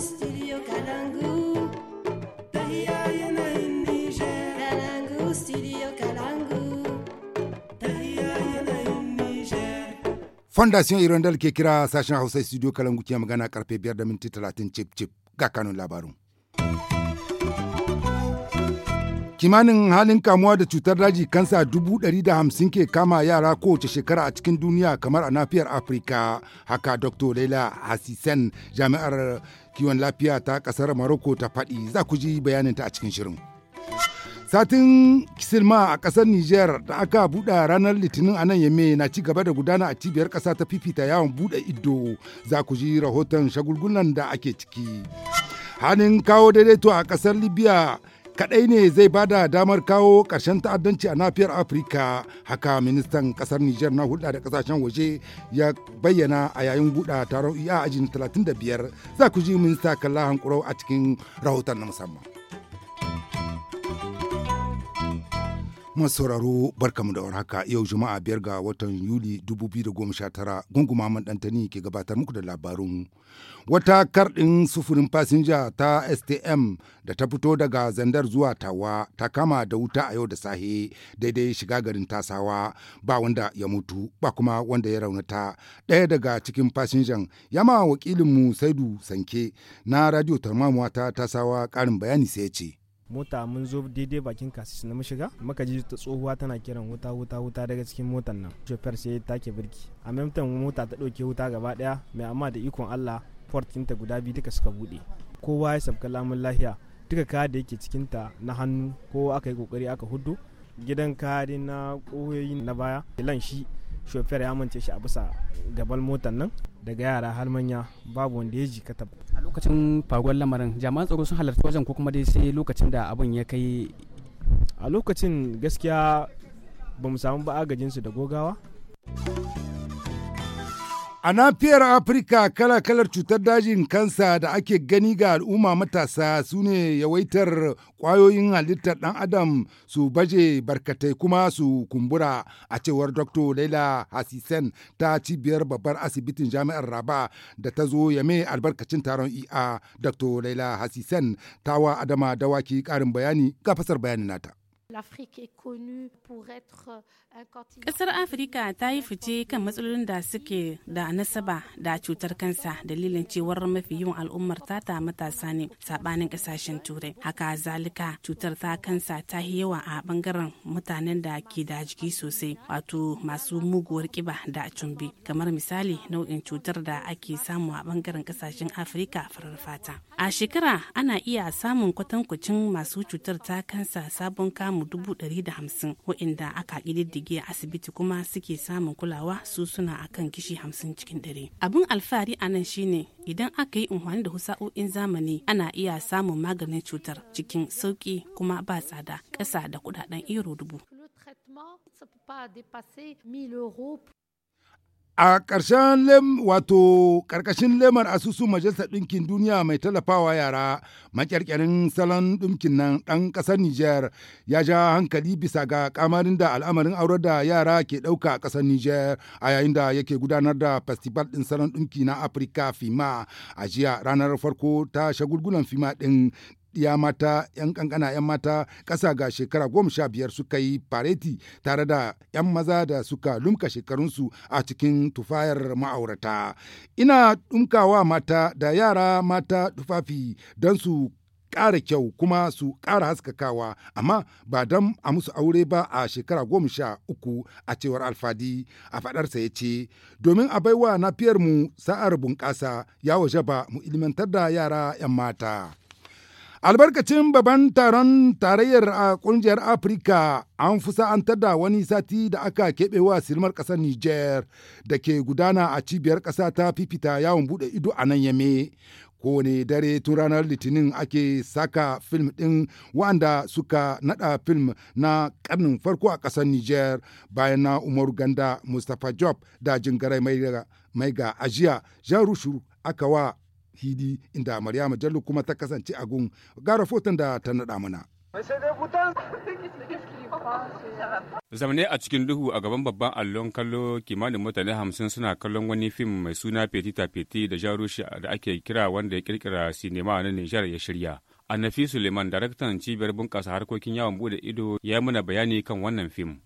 studio Fondation Irondel ke kira sashen Hausa studio Kalangu ke magana karfe biyar da minti talatin cip cip ga kanun -hmm. Kimanin halin kamuwa da cutar daji kansa dubu ɗari da hamsin ke kama yara kowace shekara a cikin duniya kamar a nafiyar Afirka. Haka Dr. Laila hasisen jami'ar kiwon lafiya ta kasar maroko ta faɗi za ku ji bayaninta a cikin shirin. Satin Kisilma a ƙasar niger da aka buɗe ranar Litinin a nan yamme na ci gaba da gudana a cibiyar ƙasa ta fifita yawon buɗe ido za ku ji rahoton shagulgunan da ake ciki. Halin kawo daidaito a ƙasar Libya kaɗai ne zai ba da damar kawo ƙarshen ta'addanci a nafiyar afirka haka ministan ƙasar niger na hulɗa da ƙasashen waje ya bayyana a yayin buɗa taron iya ajin 35 za ku ji minista kalla hankurau a cikin rahoton na musamman Masu sauraro barkamu da warhaka yau Juma'a biyar ga watan Yuli 2019 gunguma man ɗantani ke gabatar muku da labarun. Wata karɗin sufurin fasinja ta STM da ta fito daga zandar zuwa tawa ta kama da wuta a yau da sahe daidai shiga garin tasawa ba wanda ya mutu ba kuma wanda ya raunata. Ɗaya daga cikin fasinjan ya ma wakilinmu Saidu Sanke na radio tarmamuwa ta tasawa ƙarin bayani sai ya ce. mota mun zo daidai bakin kasis na mashiga muka ji ta tsohuwa tana kiran wuta wuta wuta daga cikin motar nan shofar sai ta ke birki a memtan mota ta dauke wuta gaba ɗaya mai amma da ikon Allah port kinta guda biyu duka suka buɗe kowa ya sabka lamun lahiya duka kaya da yake cikin ta na hannu ko aka yi kokari aka hudu gidan kaya na ƙoyoyi na baya lan shi chauffeur ya mance shi a bisa gabal motar nan daga yara har manya babu wanda ya jikata a lokacin faruwar lamarin jami'an tsaro sun halarci wajen ko kuma dai sai lokacin da abin ya kai a lokacin gaskiya ba mu samu ba agajinsu da gogawa A nafiyar Afirka kala-kalar cutar dajin kansa da ake gani ga al'umma matasa su ne yawaitar ƙwayoyin halittar ɗan adam su baje barkatai kuma su kumbura a cewar Dr. Laila Hasisen ta cibiyar babbar asibitin jami'ar Raba da ta zo yame albarkacin taron IA e Dr. Laila ta wa Adama Dawaki ƙarin bayani ga fasar bayanin nata. Euh, Ƙasar Afirka ta yi fice kan matsalolin da suke da nasaba da cutar kansa dalilin cewar mafi yawan al'ummar tata matasa ne sabanin ƙasashen turai. Haka zalika cutar ta kansa ta yi yawa a bangaren mutanen da ke da jiki sosai wato masu muguwar kiba da cumbi kamar misali nau'in cutar da ake samu a bangaren ƙasashen Afirka farar fata. a shekara ana iya samun kwatankwacin masu cutar ta kansa sabon kamu dubu da 150 waɗanda aka ƙididdige asibiti kuma suke samun kulawa su suna akan kishi hamsin cikin dare abin alfahari a nan shine idan aka yi unhwani da husa'o'in zamani ana iya samun maganin cutar cikin sauki kuma ba tsada ƙasa da kudaden euro dubu a ƙarshen lem wato ƙarƙashin lemar asusun majalisar ɗinkin duniya mai tallafawa yara makyarkyarin salon ɗinkin nan ɗan ƙasar Nijar ya ja hankali bisa ga ƙamarin da al'amarin aurar da yara ke ɗauka a ƙasar Nijar, a yayin da yake gudanar da festival ɗin salon ɗinki na afirka fima a jiya ranar farko ta shagulgulan fima ɗin ya mata yan kankana yan mata ƙasa ga shekara goma sha biyar suka yi fareti tare da yan maza da suka lumka shekarunsu a cikin tufayar ma'aurata ina ɗumkawa mata da yara mata tufafi don su ƙara kyau kuma su ƙara haskakawa amma ba don a musu aure ba a shekara goma sha uku a cewar alfadi a faɗarsa ya ce domin a baiwa mu sa'ar bunƙasa ya waje ba mu ilimantar da yara 'yan mata. albarkacin babban taron tarayyar a kungiyar afirka an fusa an tada wani sati da aka keɓewa silmar ƙasar niger da ke gudana a cibiyar ƙasa ta fifita yawon buɗe ido a nan yame kowane dare tun ranar litinin ake saka film ɗin wanda suka nada film na karnin farko a ƙasar niger bayan na umaru ganda mustapha job da jingarai mai ga ajiya jan rushu aka wa hidi inda maryama jallo kuma ta kasance a gun ga rahoton da ta naɗa mana Zamane a cikin duhu a gaban babban allon kallo kimanin mutane hamsin suna kallon wani fim mai suna ta Peti da jarushi da ake kira wanda ya kirkira sinema na Nijar ya shirya. Annafi Suleiman, daraktan cibiyar bunƙasa harkokin yawon bude ido, ya yi mana bayani kan wannan fim.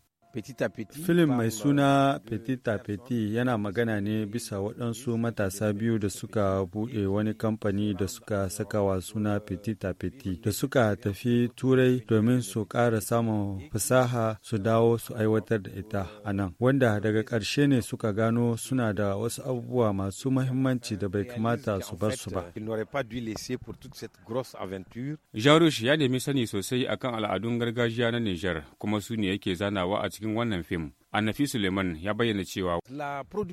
Filin mai suna Petit à Petit yana magana ne bisa waɗansu matasa biyu da suka buɗe wani kamfani da suka saka wa suna Petit à Petit da suka tafi turai domin su ƙara samun fasaha su dawo su aiwatar da ita a nan. Wanda daga ƙarshe ne suka gano suna da wasu abubuwa masu mahimmanci da bai kamata su bar su ba. Jarush ya nemi sani sosai akan al'adun gargajiya na Nijar kuma su ne yake zanawa a cikin wannan fim Annafi Suleiman ya bayyana cewa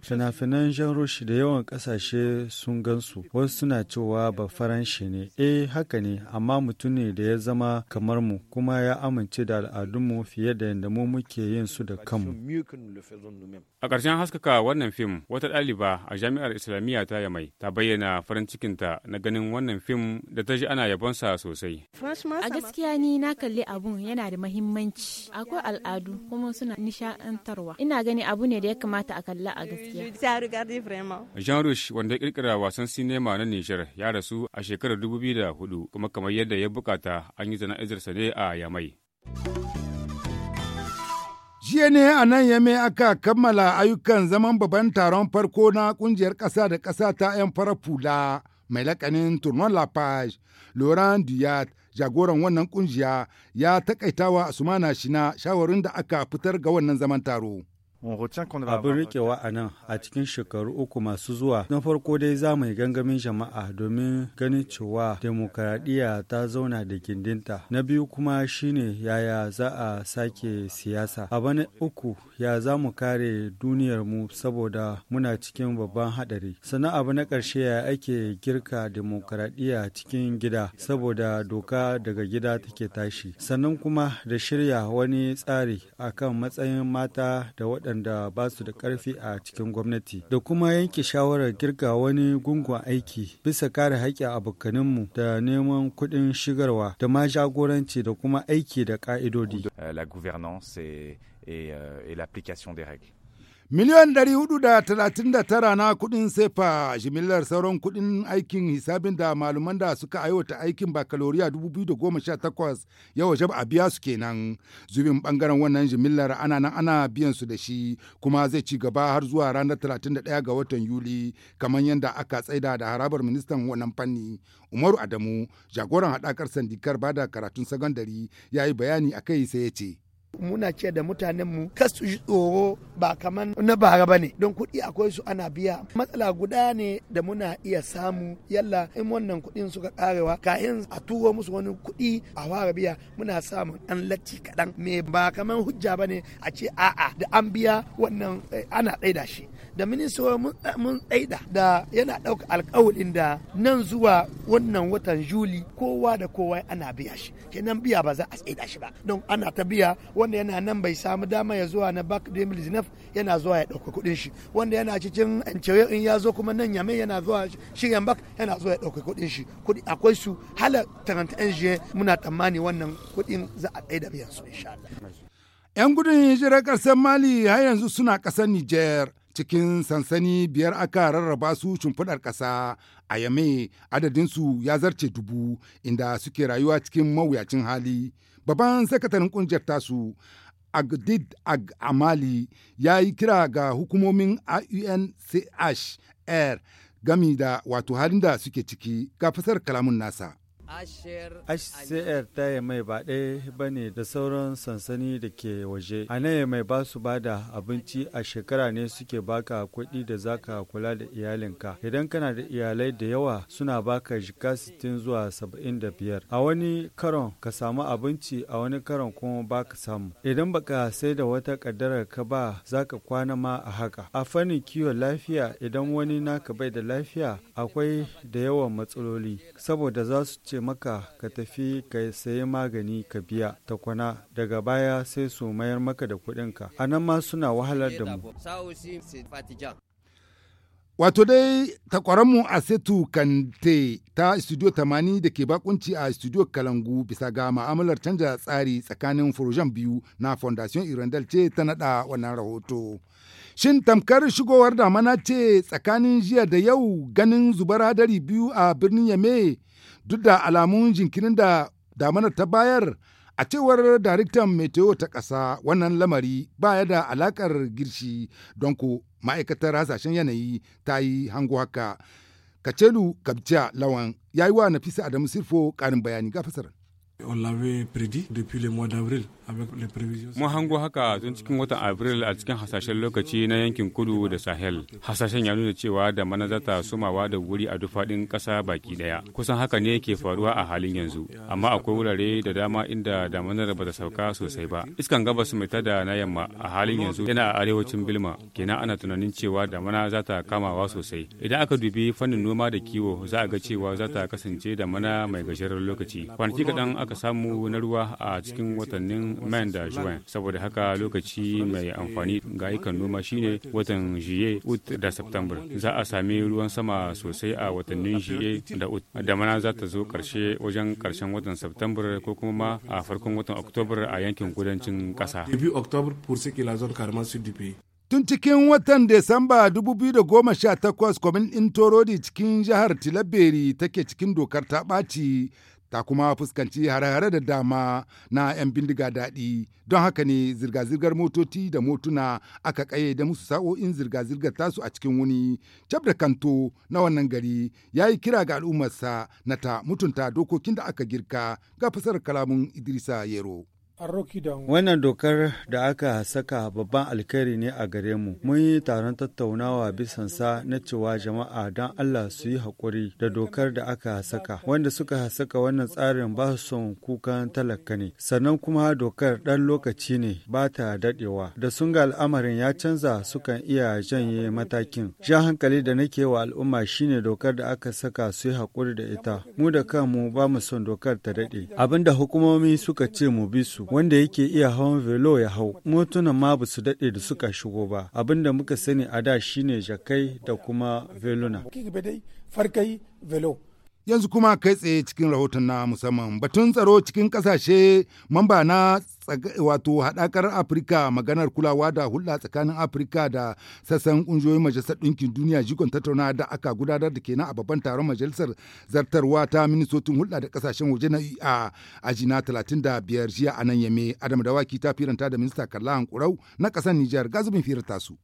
fina-finan janroshi da yawan kasashe sun gansu wasu suna cewa ba faranshi ne eh haka ne amma mutum ne da ya zama kamar mu kuma ya amince da al'adunmu fiye da yadda mu muke yin su da kanmu. A ƙarshen haskaka wannan fim wata ɗaliba a jami'ar Islamiyya ta Yamai ta bayyana farin cikinta na ganin wannan fim da ta ji ana yabonsa sosai. A gaskiya ni na kalli abun yana da mahimmanci akwai al'adu kuma suna nishaɗantar gabatarwa ina gani abu ne da ya kamata a kalla a gaskiya eh, Jean Rush wanda ya kirkira wasan sinema na Nijar ya rasu a shekarar da hudu kuma kamar yadda ya bukata an yi jana'izarsa ne a Yamai Jiya ne a nan Yame aka kammala ayyukan zaman babban taron farko na kungiyar kasa da kasa ta 'yan fara fula. mai laƙanin Tournon La Page, Laurent Duyat, jagoran wannan kungiya ya takaitawa shi Shina shawarin da aka fitar ga wannan zaman taro. Abin rikewa a nan a cikin shekaru uku masu zuwa na farko dai za mu yi gangamin jama'a domin ganin cewa demokaradiyya ta zauna da gindinta. Na biyu kuma shine yaya za a sake siyasa. A bana uku ya za mu kare duniyarmu saboda muna cikin babban haɗari. Sannan abu na karshe ya ake girka demokaradiyya cikin gida saboda doka daga gida take tashi. Sannan kuma da shirya wani tsari akan matsayin mata da waɗanda waɗanda ba su da ƙarfi a cikin gwamnati da kuma yanke shawarar girga wani gungun aiki bisa kare haƙƙin abokaninmu da neman kuɗin shigarwa da ma jagoranci da kuma aiki da ƙa'idodi. Euh, la gouvernance et, et, euh, et Miliyan 439 na kuɗin sefa jimillar sauran kuɗin aikin hisabin da malaman da suka aiwata aikin bakaloriya 2018 yau jab a biya su kenan. Zubin bangaren wannan jimillar ana nan ana biyan su da shi kuma zai ci gaba har zuwa ranar 31 ga watan Yuli kamar yadda aka tsaida da harabar ministan wannan fanni. Umaru Adamu jagoran haɗakar sandikar bada karatun sagandari ya yi bayani a kai sai ya ce. muna ce da mutanen mu kas su ji tsoro ba kaman na bara ba ne don kuɗi akwai su ana biya matsala guda ne da muna iya samu yalla in wannan kuɗin suka karewa ka kayan a turo musu wani kuɗi a fara biya muna samu an latti kaɗan me ba kaman hujja ba ne a ce a'a da an biya wannan eh, ana da shi da ministoci eh, mun tsaida da yana ɗauka alkawalin da nan zuwa wannan watan juli kowa da kowa ana biya shi kenan biya ba za a tsaida shi ba don ana ta biya wanda yana nan bai samu dama ya zuwa na back da yana zuwa ya ɗauka kuɗin shi wanda yana cikin cewa in ya zo kuma nan yamai yana zuwa shirin bak yana zuwa ya ɗauka kuɗin shi kuɗi akwai su hala taranta yan muna tsammani wannan kuɗin za a tsaida biyan su insha Allah. 'Yan gudun hijirar ƙasar Mali har yanzu suna ƙasar Nijar. cikin sansani biyar aka rarraba su shimfiɗar ƙasa a yame adadinsu ya zarce dubu inda suke rayuwa cikin mawuyacin hali babban sakataren ƙungiyar tasu agdid ag amali ya yi kira ga hukumomin unchr gami da wato halin da suke ciki ga fasar kalamun nasa HCR ta Yamai ba ɗaya ba ne da sauran sansani da ke waje. A nan mai ba su ba da abinci a shekara ne suke baka kuɗi da zaka kula da iyalinka. Idan kana da iyalai da yawa suna baka shiga 60 zuwa 75. A wani karon ka samu abinci a wani karon kuma ba ka samu. Idan baka sai da wata ƙaddarar ka ba zaka kwana ma a haka. A fannin kiwon lafiya idan wani naka bai da lafiya akwai da yawan matsaloli saboda za su ce ce maka ka tafi ka sayi magani ka biya ta kwana daga baya sai su mayar maka da kuɗinka a nan ma suna wahalar da mu Wato dai takwaranmu a Setu Kante ta Studio 80 da ke bakunci a Studio Kalangu bisa ga ma'amalar canja tsari tsakanin furujan biyu na Fondation Irandal ce ta nada wannan rahoto. Shin tamkar shigowar damana ce tsakanin jiya da yau ganin zubar hadari biyu a birnin Yame duk da alamun jinkirin da damanar ta bayar a cewar daraktan meteo ta ƙasa wannan lamari baya da alakar girshi don ku ma'aikatar hasashen yanayi ta yi hango haka kacelu kabja lawan ya yi wa nafisa adamu sirfo ƙarin bayani ga fasara Mun hango haka tun cikin watan Abril a cikin hasashen lokaci na yankin kudu da Sahel. Hasashen ya nuna cewa da zata sumawa da wuri a dufaɗin ƙasa baki ɗaya. Kusan haka ne ke faruwa a halin yanzu. Amma akwai wurare da dama inda damanar ba ta sauka sosai ba. Iskan gabas mai tada na yamma a halin yanzu yana a arewacin Bilma. Kenan ana tunanin cewa damana za ta kamawa sosai. Idan aka dubi fannin noma da kiwo za a ga cewa zata ta kasance damana mai gajeren lokaci. Kwanaki kaɗan aka samu na ruwa a cikin watannin man da juin saboda haka lokaci mai amfani ga ayyukan noma shine watan juye ut da september za a sami ruwan sama sosai a watannin juye da ut da mana za ta zo karshe wajen karshen watan september ko kuma ma a farkon watan october a yankin kudancin kasa Tun cikin watan Desamba 2018 kwamin Intorodi cikin jihar Tilaberi take cikin dokar ta ɓaci ta kuma fuskanci hare-hare da dama na 'yan bindiga daɗi don haka ne zirga-zirgar motoci da motuna aka ƙaye da musu sa'o'in zirga-zirgar tasu a cikin wuni cab da kanto na wannan gari ya yi kira ga al'ummarsa na ta mutunta dokokin da aka girka ga fasar kalamun idrisa yero Wannan dokar da aka saka babban alkhairi ne a gare mu. Mun yi taron tattaunawa bisan sa na cewa jama'a don Allah su yi haƙuri da dokar da aka saka. Wanda suka saka wannan tsarin ba su son kukan talaka ne. Sannan kuma dokar ɗan lokaci ne ba ta daɗewa. Da sun ga al'amarin ya canza sukan iya janye matakin. Jan hankali da nake wa al'umma shine dokar da aka saka su yi haƙuri da ita. Mu da kanmu ba mu son dokar ta daɗe. Abin da hukumomi suka ce mu bi su wanda yake iya hawan velo ya hau motunan ma ba su daɗe da suka shigo ba abinda muka sani a da shine jakai da kuma veluna farkai velo yanzu kuma kai tsaye cikin rahoton na musamman batun tsaro cikin kasashe mamba na wato haɗakar afirka maganar kulawa da hulɗa tsakanin afirka da sassan ƙungiyoyin majalisar ɗinkin duniya jikon tattauna da aka gudanar da kenan a babban taron majalisar zartarwa ta minisotin hulɗa da kasashen waje na a ajina 35 jiya a nan yame adam dawaki ta firanta da minista kalla hankurau na ƙasar nijar gazubin firar su.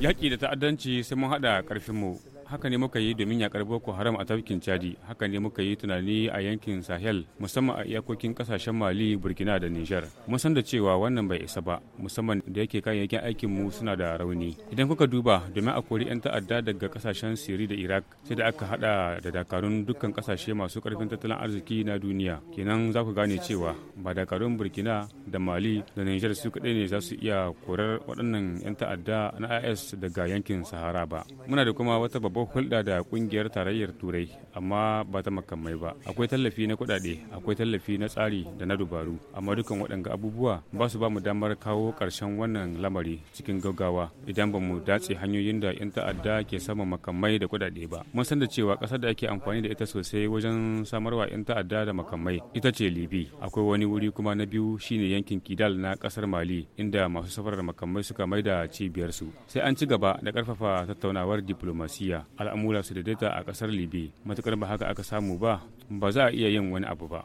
Yaƙi da ta'addanci sai mun haɗa ƙarfinmu. Haka ne muka yi domin yakar Boko Haram a tafkin Chadi. Haka ne muka yi tunani a yankin Sahel, musamman a iyakokin ƙasashen Mali, Burkina da Nijar. Mun san da cewa wannan bai isa ba, musamman da yake kayayyakin aikin mu suna da rauni. Idan kuka duba domin a kori 'yan ta'adda daga ƙasashen Siri da Iraq, sai da aka haɗa da dakarun dukkan ƙasashe masu ƙarfin tattalin arziki na duniya. Kenan za ku gane cewa ba dakarun burkina da mali da niger su kaɗai ne za su iya korar waɗannan 'yan ta'adda na is daga yankin sahara ba muna da kuma wata babbar hulɗa da ƙungiyar tarayyar turai amma ba ta makamai ba akwai tallafi na kuɗaɗe akwai tallafi na tsari da na dubaru amma dukan waɗanga abubuwa ba su ba mu damar kawo ƙarshen wannan lamari cikin gaggawa idan ba mu datse hanyoyin da 'yan ta'adda ke sama makamai da kuɗaɗe ba mun san da cewa ƙasar da ake amfani da ita sosai wajen samarwa 'yan ta'adda da makamai ita ce libi akwai wani wuri kuma na biyu shine yankin Kidal na kasar Mali inda masu safarar makamai suka maida cibiyarsu. Sai an ci gaba da karfafa tattaunawar diplomasiya al'amura su daidaita a kasar libi matukar ba haka aka samu ba ba za a iya yin wani abu ba.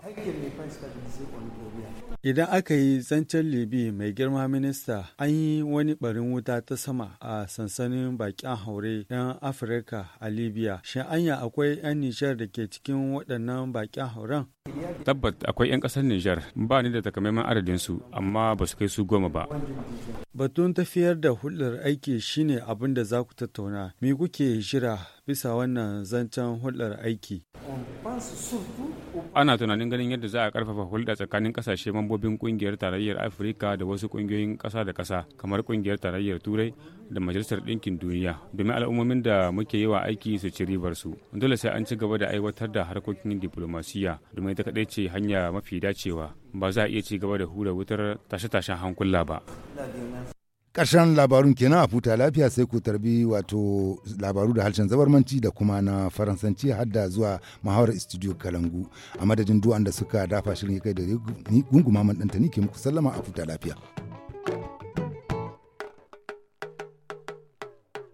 Idan aka yi zancen Libi mai girma minista an yi wani barin wuta ta sama a sansanin bakin haure 'yan Afirka a Libya. Shin anya akwai 'yan Nijar da ke cikin waɗannan bakin hauren? Tabbat akwai 'yan ƙasar Nijar ba ni da takamaiman adadinsu amma ba su kai su goma ba. Batun tafiyar da hulɗar aiki shine abin da za ku tattauna. Me kuke jira bisa wannan zancen hulɗar aiki? ana tunanin ganin yadda za a karfafa hulɗa tsakanin kasashe mambobin kungiyar tarayyar afirka da wasu kungiyoyin ƙasa da ƙasa kamar kungiyar tarayyar turai da majalisar ɗinkin duniya domin al'ummomin da muke yi wa aiki su ci ribar su dole sai an ci gaba da aiwatar da harkokin diplomasiya domin ita kaɗai ce hanya mafi dacewa ba za a iya ci gaba da hura wutar tashe-tashen hankula ba ƙarshen labarun kenan a futa lafiya sai ku tarbi wato labaru da harshen zabarmanci da kuma na faransanci hadda zuwa mahawar studio kalangu a madadin duwanda suka dafa shirin kai da gunguma man ɗanta ni ke muku sallama a futa lafiya.